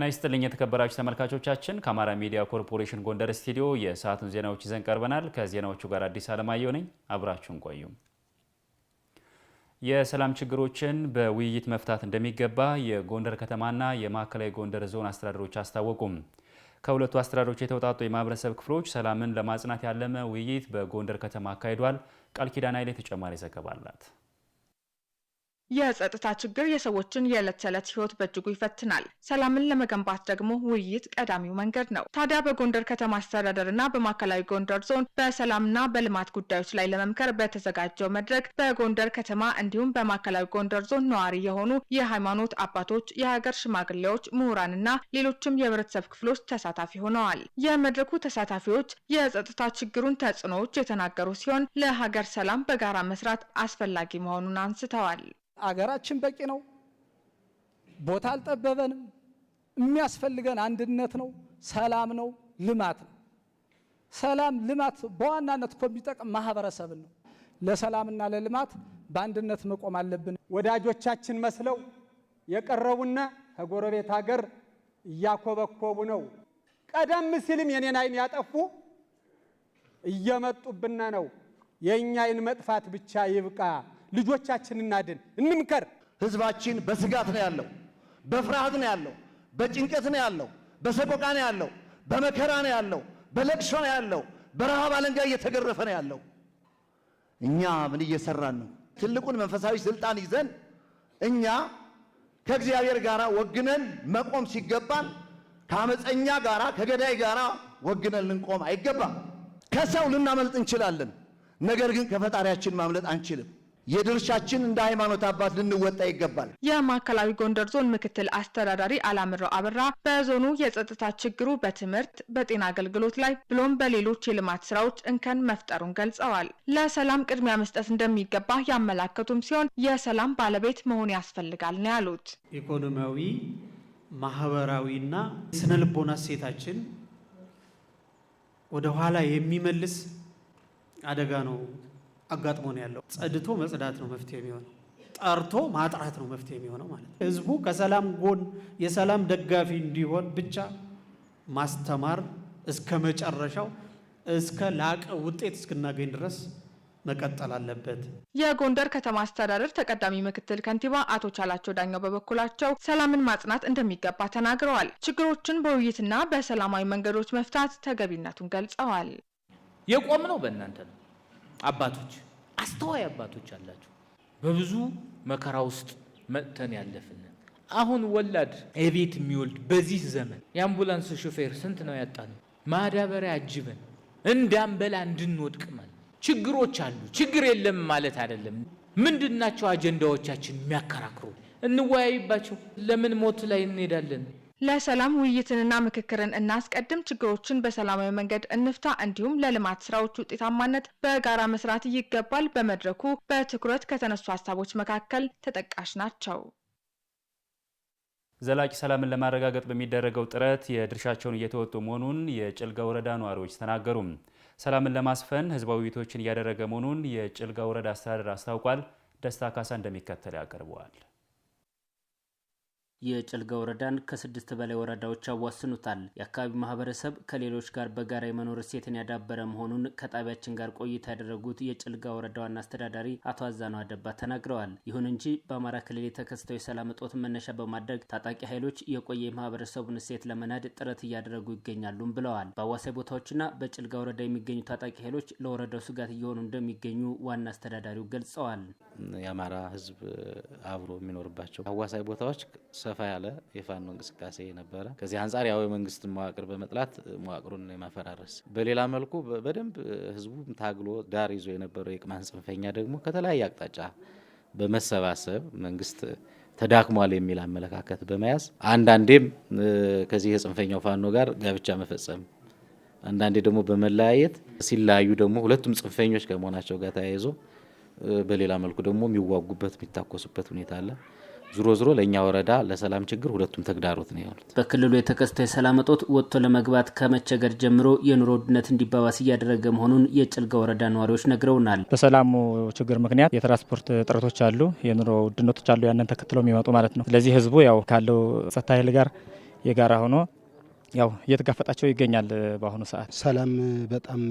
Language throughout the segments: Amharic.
ጤና ይስጥልኝ የተከበራችሁ ተመልካቾቻችን፣ ከአማራ ሚዲያ ኮርፖሬሽን ጎንደር ስቱዲዮ የሰዓቱን ዜናዎች ይዘን ቀርበናል። ከዜናዎቹ ጋር አዲስ አለማየሁ ነኝ። አብራችሁን ቆዩ። የሰላም ችግሮችን በውይይት መፍታት እንደሚገባ የጎንደር ከተማና የማዕከላዊ ጎንደር ዞን አስተዳደሮች አስታወቁም። ከሁለቱ አስተዳደሮች የተውጣጡ የማህበረሰብ ክፍሎች ሰላምን ለማጽናት ያለመ ውይይት በጎንደር ከተማ አካሂዷል። ቃል ኪዳን ኃይሌ ተጨማሪ ዘገባ አላት። የጸጥታ ችግር የሰዎችን የዕለት ተዕለት ህይወት በእጅጉ ይፈትናል። ሰላምን ለመገንባት ደግሞ ውይይት ቀዳሚው መንገድ ነው። ታዲያ በጎንደር ከተማ አስተዳደር እና በማዕከላዊ ጎንደር ዞን በሰላምና በልማት ጉዳዮች ላይ ለመምከር በተዘጋጀው መድረክ በጎንደር ከተማ እንዲሁም በማዕከላዊ ጎንደር ዞን ነዋሪ የሆኑ የሃይማኖት አባቶች፣ የሀገር ሽማግሌዎች፣ ምሁራን እና ሌሎችም የህብረተሰብ ክፍሎች ተሳታፊ ሆነዋል። የመድረኩ ተሳታፊዎች የጸጥታ ችግሩን ተጽዕኖዎች የተናገሩ ሲሆን ለሀገር ሰላም በጋራ መስራት አስፈላጊ መሆኑን አንስተዋል። አገራችን በቂ ነው። ቦታ አልጠበበንም። የሚያስፈልገን አንድነት ነው፣ ሰላም ነው፣ ልማት ነው። ሰላም ልማት በዋናነት እኮ የሚጠቅም ማህበረሰብን ነው። ለሰላምና ለልማት በአንድነት መቆም አለብን። ወዳጆቻችን መስለው የቀረቡና ከጎረቤት ሀገር እያኮበኮቡ ነው። ቀደም ሲልም የኔን አይን ያጠፉ እየመጡብን ነው። የእኛ አይን መጥፋት ብቻ ይብቃ። ልጆቻችን እናድን፣ እንምከር። ህዝባችን በስጋት ነው ያለው፣ በፍርሃት ነው ያለው፣ በጭንቀት ነው ያለው፣ በሰቆቃ ነው ያለው፣ በመከራ ነው ያለው፣ በለቅሶ ነው ያለው፣ በረሃብ አለንጋ እየተገረፈ ነው ያለው። እኛ ምን እየሰራን ነው? ትልቁን መንፈሳዊ ስልጣን ይዘን እኛ ከእግዚአብሔር ጋር ወግነን መቆም ሲገባን ከአመፀኛ ጋር ከገዳይ ጋር ወግነን ልንቆም አይገባም። ከሰው ልናመልጥ እንችላለን፣ ነገር ግን ከፈጣሪያችን ማምለጥ አንችልም። የድርሻችን እንደ ሃይማኖት አባት ልንወጣ ይገባል። የማዕከላዊ ጎንደር ዞን ምክትል አስተዳዳሪ አላምረው አበራ በዞኑ የጸጥታ ችግሩ በትምህርት በጤና አገልግሎት ላይ ብሎም በሌሎች የልማት ስራዎች እንከን መፍጠሩን ገልጸዋል። ለሰላም ቅድሚያ መስጠት እንደሚገባ ያመላከቱም ሲሆን የሰላም ባለቤት መሆን ያስፈልጋል ነው ያሉት። ኢኮኖሚያዊ ማህበራዊና ስነ ልቦና ሴታችን ወደኋላ የሚመልስ አደጋ ነው አጋጥሞ ነው ያለው። ጸድቶ መጽዳት ነው መፍትሄ የሚሆነው። ጠርቶ ማጥራት ነው መፍትሄ የሚሆነው ማለት ነው። ህዝቡ ከሰላም ጎን የሰላም ደጋፊ እንዲሆን ብቻ ማስተማር እስከ መጨረሻው እስከ ላቀ ውጤት እስክናገኝ ድረስ መቀጠል አለበት። የጎንደር ከተማ አስተዳደር ተቀዳሚ ምክትል ከንቲባ አቶ ቻላቸው ዳኛው በበኩላቸው ሰላምን ማጽናት እንደሚገባ ተናግረዋል። ችግሮችን በውይይትና በሰላማዊ መንገዶች መፍታት ተገቢነቱን ገልጸዋል። ነው በእናንተ ነው አባቶች አስተዋይ አባቶች አላችሁ። በብዙ መከራ ውስጥ መጥተን ያለፍን አሁን ወላድ የቤት የሚወልድ በዚህ ዘመን የአምቡላንስ ሹፌር ስንት ነው ያጣነው? ማዳበሪያ አጅበን እንዳንበላ እንድንወድቅ ማለት ችግሮች አሉ። ችግር የለም ማለት አይደለም። ምንድናቸው አጀንዳዎቻችን የሚያከራክሩ? እንወያይባቸው። ለምን ሞት ላይ እንሄዳለን? ለሰላም ውይይትንና ምክክርን እናስቀድም፣ ችግሮችን በሰላማዊ መንገድ እንፍታ፣ እንዲሁም ለልማት ስራዎች ውጤታማነት በጋራ መስራት ይገባል በመድረኩ በትኩረት ከተነሱ ሀሳቦች መካከል ተጠቃሽ ናቸው። ዘላቂ ሰላምን ለማረጋገጥ በሚደረገው ጥረት የድርሻቸውን እየተወጡ መሆኑን የጭልጋ ወረዳ ነዋሪዎች ተናገሩ። ሰላምን ለማስፈን ህዝባዊ ውይይቶችን እያደረገ መሆኑን የጭልጋ ወረዳ አስተዳደር አስታውቋል። ደስታ ካሳ እንደሚከተል ያቀርበዋል። የጭልጋ ወረዳን ከስድስት በላይ ወረዳዎች አዋስኑታል። የአካባቢው ማህበረሰብ ከሌሎች ጋር በጋራ የመኖር እሴትን ያዳበረ መሆኑን ከጣቢያችን ጋር ቆይታ ያደረጉት የጭልጋ ወረዳ ዋና አስተዳዳሪ አቶ አዛነው አደባ ተናግረዋል። ይሁን እንጂ በአማራ ክልል የተከሰተው የሰላም እጦት መነሻ በማድረግ ታጣቂ ኃይሎች የቆየ የማህበረሰቡን እሴት ለመናድ ጥረት እያደረጉ ይገኛሉም ብለዋል። በአዋሳኝ ቦታዎችና በጭልጋ ወረዳ የሚገኙ ታጣቂ ኃይሎች ለወረዳው ስጋት እየሆኑ እንደሚገኙ ዋና አስተዳዳሪው ገልጸዋል። የአማራ ህዝብ አብሮ የሚኖርባቸው አዋሳይ ቦታዎች ሰፋ ያለ የፋኖ እንቅስቃሴ ነበረ። ከዚህ አንጻር ያው የመንግስት መዋቅር በመጥላት መዋቅሩን የማፈራረስ በሌላ መልኩ በደንብ ህዝቡም ታግሎ ዳር ይዞ የነበረው የቅማን ጽንፈኛ ደግሞ ከተለያየ አቅጣጫ በመሰባሰብ መንግስት ተዳክሟል የሚል አመለካከት በመያዝ አንዳንዴም ከዚህ የጽንፈኛው ፋኖ ጋር ጋብቻ መፈጸም አንዳንዴ ደግሞ በመለያየት ሲለያዩ ደግሞ ሁለቱም ጽንፈኞች ከመሆናቸው ጋር ተያይዞ በሌላ መልኩ ደግሞ የሚዋጉበት የሚታኮሱበት ሁኔታ አለ። ዝሮ ዝሮ ለእኛ ወረዳ ለሰላም ችግር ሁለቱም ተግዳሮት ነው ያሉት። በክልሉ የተከስተው የሰላም እጦት ወጥቶ ለመግባት ከመቸገር ጀምሮ የኑሮ ውድነት እንዲባባስ እያደረገ መሆኑን የጭልጋ ወረዳ ነዋሪዎች ነግረውናል። በሰላሙ ችግር ምክንያት የትራንስፖርት እጥረቶች አሉ፣ የኑሮ ውድነቶች አሉ። ያንን ተከትለው የሚመጡ ማለት ነው። ስለዚህ ህዝቡ ያው ካለው ጸጥታ ኃይል ጋር የጋራ ሆኖ ያው እየተጋፈጣቸው ይገኛል። በአሁኑ ሰዓት ሰላም በጣም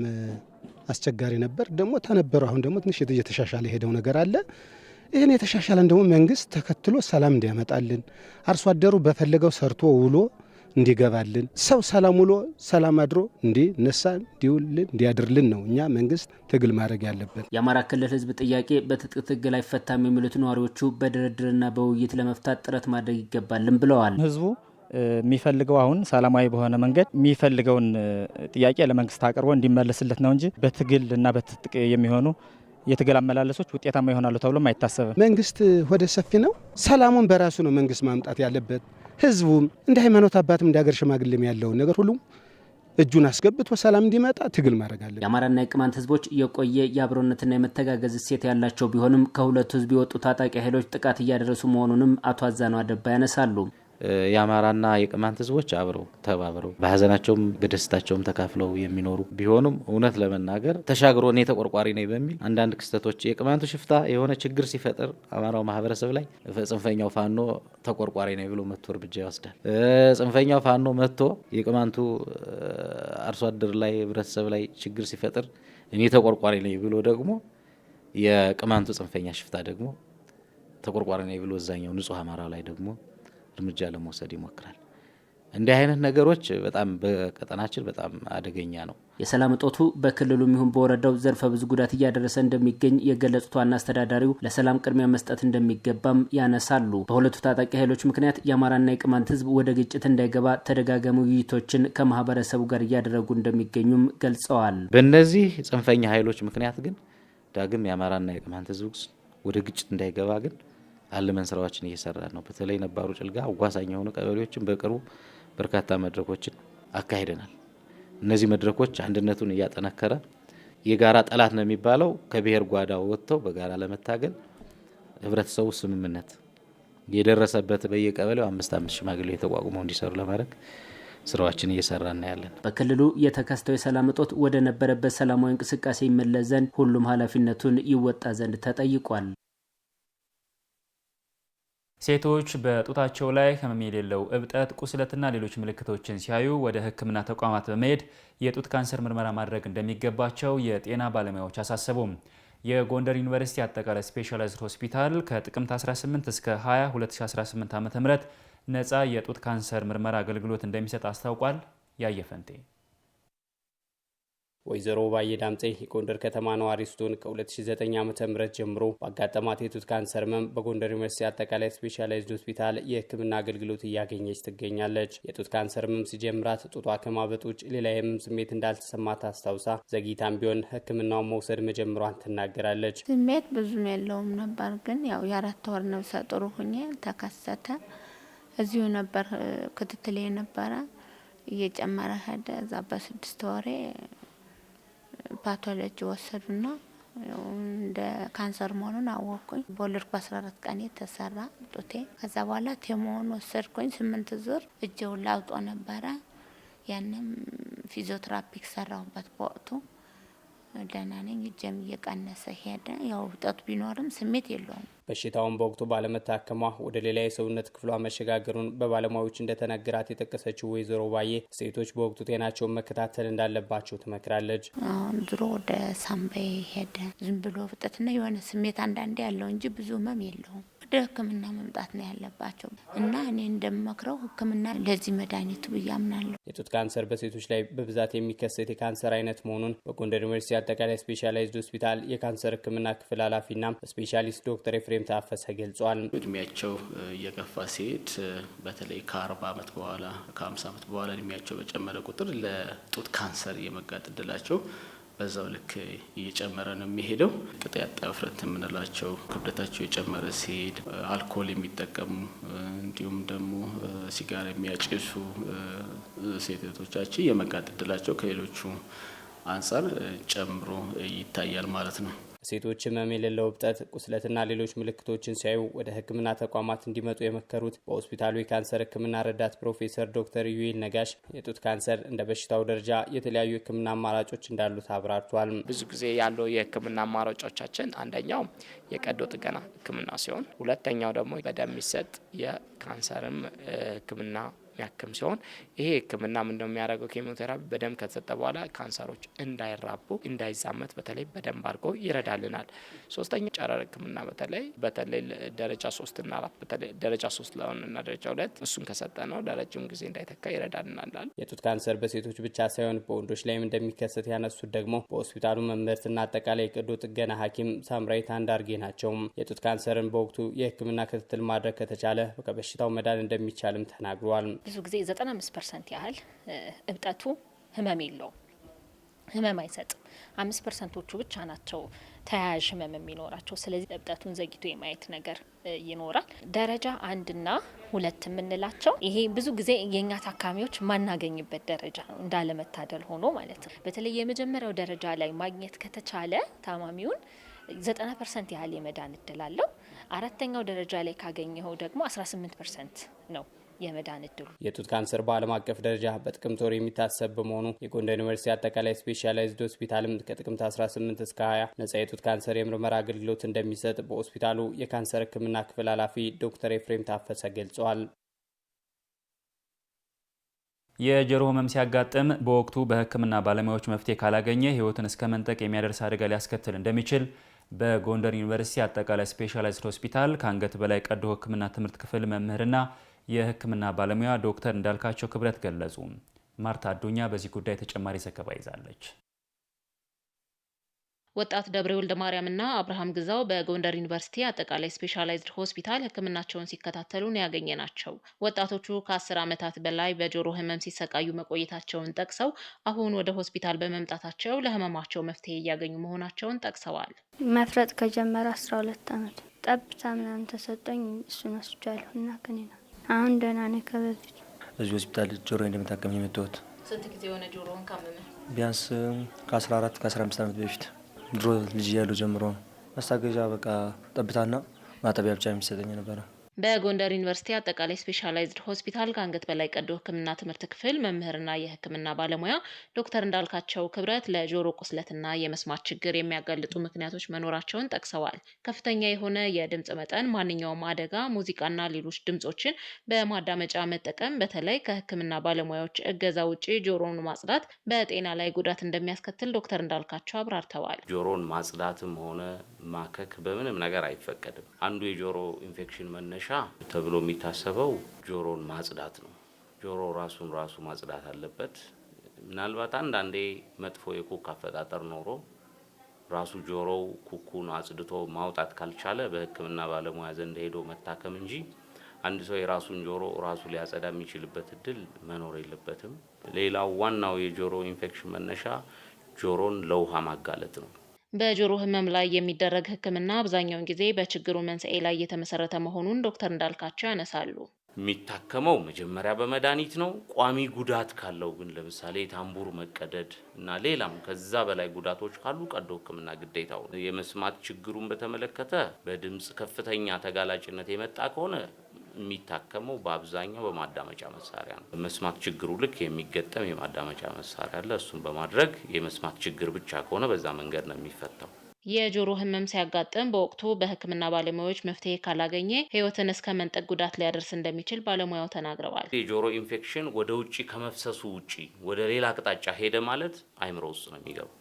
አስቸጋሪ ነበር፣ ደግሞ ተነበረው አሁን ደግሞ ትንሽ እየተሻሻለ የሄደው ነገር አለ ይህን የተሻሻለን ደግሞ መንግስት ተከትሎ ሰላም እንዲያመጣልን አርሶ አደሩ በፈለገው ሰርቶ ውሎ እንዲገባልን ሰው ሰላም ውሎ ሰላም አድሮ እንዲነሳ እንዲውልን እንዲያድርልን ነው እኛ መንግስት ትግል ማድረግ ያለበት። የአማራ ክልል ህዝብ ጥያቄ በትጥቅ ትግል አይፈታም የሚሉት ነዋሪዎቹ በድርድርና በውይይት ለመፍታት ጥረት ማድረግ ይገባልን ብለዋል። ህዝቡ የሚፈልገው አሁን ሰላማዊ በሆነ መንገድ የሚፈልገውን ጥያቄ ለመንግስት አቅርቦ እንዲመለስለት ነው እንጂ በትግል እና በትጥቅ የሚሆኑ የትግል አመላለሶች ውጤታማ ይሆናሉ ተብሎም አይታሰብም። መንግስት ወደ ሰፊ ነው። ሰላሙን በራሱ ነው መንግስት ማምጣት ያለበት። ህዝቡም እንደ ሃይማኖት አባትም እንደ ሀገር ሽማግሌም ያለውን ነገር ሁሉም እጁን አስገብቶ ሰላም እንዲመጣ ትግል ማድረግ አለ። የአማራና የቅማንት ህዝቦች የቆየ የአብሮነትና የመተጋገዝ እሴት ያላቸው ቢሆንም ከሁለቱ ህዝብ የወጡ ታጣቂ ኃይሎች ጥቃት እያደረሱ መሆኑንም አቶ አዛነው አደባ ያነሳሉ። የአማራና የቅማንት ህዝቦች አብረው ተባብረው በሀዘናቸውም በደስታቸውም ተካፍለው የሚኖሩ ቢሆኑም እውነት ለመናገር ተሻግሮ እኔ ተቆርቋሪ ነኝ በሚል አንዳንድ ክስተቶች የቅማንቱ ሽፍታ የሆነ ችግር ሲፈጥር አማራው ማህበረሰብ ላይ ጽንፈኛው ፋኖ ተቆርቋሪ ነኝ ብሎ መቶ እርምጃ ይወስዳል። ጽንፈኛው ፋኖ መጥቶ የቅማንቱ አርሶ አደር ላይ ህብረተሰብ ላይ ችግር ሲፈጥር እኔ ተቆርቋሪ ነኝ ብሎ ደግሞ የቅማንቱ ጽንፈኛ ሽፍታ ደግሞ ተቆርቋሪ ነኝ ብሎ እዛኛው ንጹህ አማራ ላይ ደግሞ እርምጃ ለመውሰድ ይሞክራል። እንዲህ አይነት ነገሮች በጣም በቀጠናችን በጣም አደገኛ ነው። የሰላም እጦቱ በክልሉም ይሁን በወረዳው ዘርፈ ብዙ ጉዳት እያደረሰ እንደሚገኝ የገለጹት ዋና አስተዳዳሪው ለሰላም ቅድሚያ መስጠት እንደሚገባም ያነሳሉ። በሁለቱ ታጣቂ ኃይሎች ምክንያት የአማራና የቅማንት ሕዝብ ወደ ግጭት እንዳይገባ ተደጋጋሚ ውይይቶችን ከማህበረሰቡ ጋር እያደረጉ እንደሚገኙም ገልጸዋል። በእነዚህ ጽንፈኛ ኃይሎች ምክንያት ግን ዳግም የአማራና የቅማንት ሕዝብ ወደ ግጭት እንዳይገባ ግን አልመን ስራዎችን እየሰራ ነው። በተለይ ነባሩ ጭልጋ አዋሳኝ የሆኑ ቀበሌዎችን በቅርቡ በርካታ መድረኮችን አካሂደናል። እነዚህ መድረኮች አንድነቱን እያጠናከረ የጋራ ጠላት ነው የሚባለው ከብሔር ጓዳ ወጥተው በጋራ ለመታገል ህብረተሰቡ ስምምነት የደረሰበት በየቀበሌው አምስት አምስት ሽማግሌ ተቋቁመው እንዲሰሩ ለማድረግ ስራዎችን እየሰራ እናያለን። በክልሉ የተከስተው የሰላም እጦት ወደ ነበረበት ሰላማዊ እንቅስቃሴ ይመለስ ዘንድ ሁሉም ኃላፊነቱን ይወጣ ዘንድ ተጠይቋል። ሴቶች በጡታቸው ላይ ህመም የሌለው እብጠት፣ ቁስለትና ሌሎች ምልክቶችን ሲያዩ ወደ ሕክምና ተቋማት በመሄድ የጡት ካንሰር ምርመራ ማድረግ እንደሚገባቸው የጤና ባለሙያዎች አሳሰቡም። የጎንደር ዩኒቨርሲቲ አጠቃላይ ስፔሻላይዝድ ሆስፒታል ከጥቅምት 18 እስከ 20 2018 ዓ.ም ነፃ የጡት ካንሰር ምርመራ አገልግሎት እንደሚሰጥ አስታውቋል። ያየፈንቴ ወይዘሮ ባየ ዳምጤ የጎንደር ከተማ ነዋሪ ስትሆን ከ2009 ዓ ም ጀምሮ በአጋጠማት የጡት ካንሰር ህመም በጎንደር ዩኒቨርሲቲ አጠቃላይ ስፔሻላይዝድ ሆስፒታል የህክምና አገልግሎት እያገኘች ትገኛለች። የጡት ካንሰር ህመም ሲጀምራት ጡቷ ከማበጥ ውጭ ሌላ የህመም ስሜት እንዳልተሰማት አስታውሳ ዘግይታም ቢሆን ህክምናውን መውሰድ መጀመሯን ትናገራለች። ስሜት ብዙም የለውም ነበር፣ ግን ያው የአራት ወር ነብሰ ጡር ሁኜ ተከሰተ። እዚሁ ነበር ክትትል የነበረ እየጨመረ ሄደ። እዛ በስድስት ወሬ ፓቶሎጂ ወሰዱና እንደ ካንሰር መሆኑን አወቅኩኝ። በወለድኩ በአስራ አራት ቀን የተሰራ ጡቴ። ከዛ በኋላ ቴሞን ወሰድኩኝ ስምንት ዙር እጀውን ላውጦ ነበረ። ያንም ፊዚዮትራፒክ ሰራሁበት በወቅቱ ደህና ነኝ። እጀም እየቀነሰ ሄደ። ያው ውጠቱ ቢኖርም ስሜት የለውም። በሽታውን በወቅቱ ባለመታከሟ ወደ ሌላ የሰውነት ክፍሏ መሸጋገሩን በባለሙያዎች እንደተነገራት የጠቀሰችው ወይዘሮ ባዬ ሴቶች በወቅቱ ጤናቸውን መከታተል እንዳለባቸው ትመክራለች። ድሮ ወደ ሳምባ ሄደ ዝም ብሎ ፍጠትና የሆነ ስሜት አንዳንዴ ያለው እንጂ ብዙ ህመም የለውም። ወደ ህክምና መምጣት ነው ያለባቸው እና እኔ እንደምመክረው ህክምና ለዚህ መድኃኒቱ ብዬ አምናለሁ። የጡት ካንሰር በሴቶች ላይ በብዛት የሚከሰት የካንሰር አይነት መሆኑን በጎንደር ዩኒቨርሲቲ አጠቃላይ ስፔሻላይዝድ ሆስፒታል የካንሰር ህክምና ክፍል ኃላፊና ስፔሻሊስት ዶክተር ኤፍሬም ታፈሰ ገልጿል። እድሜያቸው እየገፋ ሲሄድ በተለይ ከአርባ ዓመት በኋላ ከአምሳ ዓመት በኋላ እድሜያቸው በጨመረ ቁጥር ለጡት ካንሰር የመጋጥ እድላቸው በዛው ልክ እየጨመረ ነው የሚሄደው። ቅጥ ያጣ ውፍረት የምንላቸው ክብደታቸው የጨመረ ሲሄድ አልኮል የሚጠቀሙ እንዲሁም ደግሞ ሲጋር የሚያጭሱ ሴቶቻችን የመጋጥ እድላቸው ከሌሎቹ አንጻር ጨምሮ ይታያል ማለት ነው። ሴቶች ህመም የሌለው እብጠት፣ ቁስለትና ሌሎች ምልክቶችን ሲያዩ ወደ ህክምና ተቋማት እንዲመጡ የመከሩት በሆስፒታሉ የካንሰር ህክምና ረዳት ፕሮፌሰር ዶክተር ዩኤል ነጋሽ የጡት ካንሰር እንደ በሽታው ደረጃ የተለያዩ ህክምና አማራጮች እንዳሉት አብራርቷል። ብዙ ጊዜ ያለው የህክምና አማራጮቻችን አንደኛው የቀዶ ጥገና ህክምና ሲሆን ሁለተኛው ደግሞ በደም የሚሰጥ የካንሰርም ህክምና የሚያክም ሲሆን ይሄ ህክምና ምንድነው የሚያደርገው? ኬሞቴራፒ በደም ከተሰጠ በኋላ ካንሰሮች እንዳይራቡ እንዳይዛመት በተለይ በደንብ አድርጎ ይረዳልናል። ሶስተኛ ጨረር ህክምና በተለይ በተለይ ደረጃ ሶስት አራት በተለይ ደረጃ ሶስት ለሆነና ደረጃ ሁለት እሱን ከሰጠ ነው ለረጅም ጊዜ እንዳይተካ ይረዳልናል። የጡት ካንሰር በሴቶች ብቻ ሳይሆን በወንዶች ላይም እንደሚከሰት ያነሱት ደግሞ በሆስፒታሉ መምህርትና አጠቃላይ ቀዶ ጥገና ሐኪም ሳምራዊት አንዳርጌ ናቸው። የጡት ካንሰርን በወቅቱ የህክምና ክትትል ማድረግ ከተቻለ ከበሽታው መዳን እንደሚቻልም ተናግሯል። ብዙ ጊዜ ዘጠና አምስት ፐርሰንት ያህል እብጠቱ ህመም የለውም፣ ህመም አይሰጥም። አምስት ፐርሰንቶቹ ብቻ ናቸው ተያያዥ ህመም የሚኖራቸው። ስለዚህ እብጠቱን ዘግይቶ የማየት ነገር ይኖራል። ደረጃ አንድና ሁለት የምንላቸው ይሄ ብዙ ጊዜ የእኛ ታካሚዎች ማናገኝበት ደረጃ ነው፣ እንዳለመታደል ሆኖ ማለት ነው። በተለይ የመጀመሪያው ደረጃ ላይ ማግኘት ከተቻለ ታማሚውን ዘጠና ፐርሰንት ያህል የመዳን እድል አለው። አራተኛው ደረጃ ላይ ካገኘኸው ደግሞ አስራ ስምንት ፐርሰንት ነው የመዳን እድሉ። የጡት ካንሰር በዓለም አቀፍ ደረጃ በጥቅምት ወር የሚታሰብ በመሆኑ የጎንደር ዩኒቨርሲቲ አጠቃላይ ስፔሻላይዝድ ሆስፒታልም ከጥቅምት 18 እስከ 20 ነጻ የጡት ካንሰር የምርመራ አገልግሎት እንደሚሰጥ በሆስፒታሉ የካንሰር ሕክምና ክፍል ኃላፊ ዶክተር ኤፍሬም ታፈሰ ገልጸዋል። የጆሮ ህመም ሲያጋጥም በወቅቱ በህክምና ባለሙያዎች መፍትሄ ካላገኘ ህይወትን እስከ መንጠቅ የሚያደርስ አደጋ ሊያስከትል እንደሚችል በጎንደር ዩኒቨርሲቲ አጠቃላይ ስፔሻላይዝድ ሆስፒታል ከአንገት በላይ ቀዶ ህክምና ትምህርት ክፍል መምህርና የህክምና ባለሙያ ዶክተር እንዳልካቸው ክብረት ገለጹ። ማርታ አዱኛ በዚህ ጉዳይ ተጨማሪ ዘገባ ይዛለች። ወጣት ደብረ ወልደ እና አብርሃም ግዛው በጎንደር ዩኒቨርሲቲ አጠቃላይ ስፔሻላይዝድ ሆስፒታል ህክምናቸውን ሲከታተሉ ነው ያገኘ ናቸው። ወጣቶቹ ከአስር ዓመታት በላይ በጆሮ ህመም ሲሰቃዩ መቆየታቸውን ጠቅሰው አሁን ወደ ሆስፒታል በመምጣታቸው ለህመማቸው መፍትሄ እያገኙ መሆናቸውን ጠቅሰዋል። መፍረጥ ከጀመረ አስራ ሁለት ዓመት ጠብታ ምናምን ተሰጠኝ እሱን ወስጃለሁ እና አሁን ደህና ነኝ። ከበፊት እዚህ ሆስፒታል ጆሮ እንደምታከም የመጣሁት። ስንት ጊዜ የሆነ ጆሮውን ካመመ? ቢያንስ ከ14 ከ15 ዓመት በፊት ድሮ ልጅ እያለሁ ጀምሮ ነው። ማስታገዣ በቃ ጠብታና ማጠቢያ ብቻ የሚሰጠኝ ነበረ። በጎንደር ዩኒቨርሲቲ አጠቃላይ ስፔሻላይዝድ ሆስፒታል ከአንገት በላይ ቀዶ ሕክምና ትምህርት ክፍል መምህርና የሕክምና ባለሙያ ዶክተር እንዳልካቸው ክብረት ለጆሮ ቁስለትና የመስማት ችግር የሚያጋልጡ ምክንያቶች መኖራቸውን ጠቅሰዋል። ከፍተኛ የሆነ የድምፅ መጠን፣ ማንኛውም አደጋ፣ ሙዚቃና ሌሎች ድምፆችን በማዳመጫ መጠቀም በተለይ ከሕክምና ባለሙያዎች እገዛ ውጪ ጆሮን ማጽዳት በጤና ላይ ጉዳት እንደሚያስከትል ዶክተር እንዳልካቸው አብራርተዋል። ጆሮን ማጽዳትም ሆነ ማከክ በምንም ነገር አይፈቀድም። አንዱ የጆሮ ኢንፌክሽን መነሻ ተብሎ የሚታሰበው ጆሮን ማጽዳት ነው። ጆሮ ራሱን ራሱ ማጽዳት አለበት። ምናልባት አንዳንዴ መጥፎ የኩክ አፈጣጠር ኖሮ ራሱ ጆሮው ኩኩን አጽድቶ ማውጣት ካልቻለ በሕክምና ባለሙያ ዘንድ ሄዶ መታከም እንጂ አንድ ሰው የራሱን ጆሮ ራሱ ሊያጸዳ የሚችልበት እድል መኖር የለበትም። ሌላው ዋናው የጆሮ ኢንፌክሽን መነሻ ጆሮን ለውሃ ማጋለጥ ነው። በጆሮ ህመም ላይ የሚደረግ ህክምና አብዛኛውን ጊዜ በችግሩ መንስኤ ላይ የተመሰረተ መሆኑን ዶክተር እንዳልካቸው ያነሳሉ። የሚታከመው መጀመሪያ በመድኃኒት ነው። ቋሚ ጉዳት ካለው ግን ለምሳሌ የታምቡር መቀደድ እና ሌላም ከዛ በላይ ጉዳቶች ካሉ ቀዶ ህክምና ግዴታው። የመስማት ችግሩን በተመለከተ በድምፅ ከፍተኛ ተጋላጭነት የመጣ ከሆነ የሚታከመው በአብዛኛው በማዳመጫ መሳሪያ ነው። መስማት ችግሩ ልክ የሚገጠም የማዳመጫ መሳሪያ አለ። እሱን በማድረግ የመስማት ችግር ብቻ ከሆነ በዛ መንገድ ነው የሚፈታው። የጆሮ ህመም ሲያጋጥም በወቅቱ በሕክምና ባለሙያዎች መፍትሄ ካላገኘ ህይወትን እስከ መንጠቅ ጉዳት ሊያደርስ እንደሚችል ባለሙያው ተናግረዋል። የጆሮ ኢንፌክሽን ወደ ውጭ ከመፍሰሱ ውጭ ወደ ሌላ አቅጣጫ ሄደ ማለት አይምሮ ውስጥ ነው የሚገባው።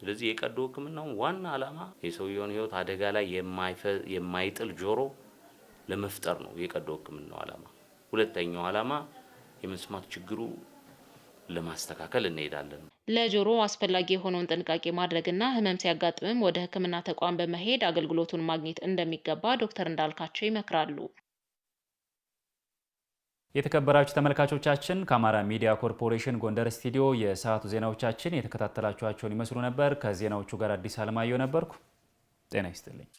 ስለዚህ የቀዶ ሕክምናው ዋና ዓላማ የሰውየውን ህይወት አደጋ ላይ የማይጥል ጆሮ ለመፍጠር ነው የቀዶ ህክምናው አላማ። ሁለተኛው አላማ የመስማት ችግሩ ለማስተካከል እንሄዳለን። ለጆሮ አስፈላጊ የሆነውን ጥንቃቄ ማድረግና ህመም ሲያጋጥምም ወደ ህክምና ተቋም በመሄድ አገልግሎቱን ማግኘት እንደሚገባ ዶክተር እንዳልካቸው ይመክራሉ። የተከበራችሁ ተመልካቾቻችን ከአማራ ሚዲያ ኮርፖሬሽን ጎንደር ስቱዲዮ የሰዓቱ ዜናዎቻችን የተከታተላችኋቸውን ይመስሉ ነበር። ከዜናዎቹ ጋር አዲስ አለማየሁ ነበርኩ። ጤና ይስጥልኝ።